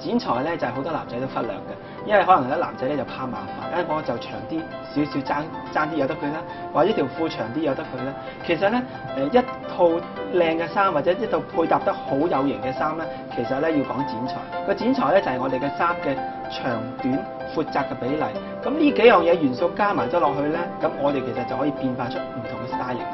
剪裁咧就係好多男仔都忽略嘅，因為可能啲男仔咧就怕麻煩，一講就長啲少少爭爭啲有得佢啦，或者條褲長啲有得佢啦。其實咧誒一套靚嘅衫或者一套配搭得好有型嘅衫咧，其實咧要講剪裁，個剪裁咧就係我哋嘅衫嘅長短、闊窄嘅比例。咁呢幾樣嘢元素加埋咗落去咧，咁我哋其實就可以變化出唔同嘅 style。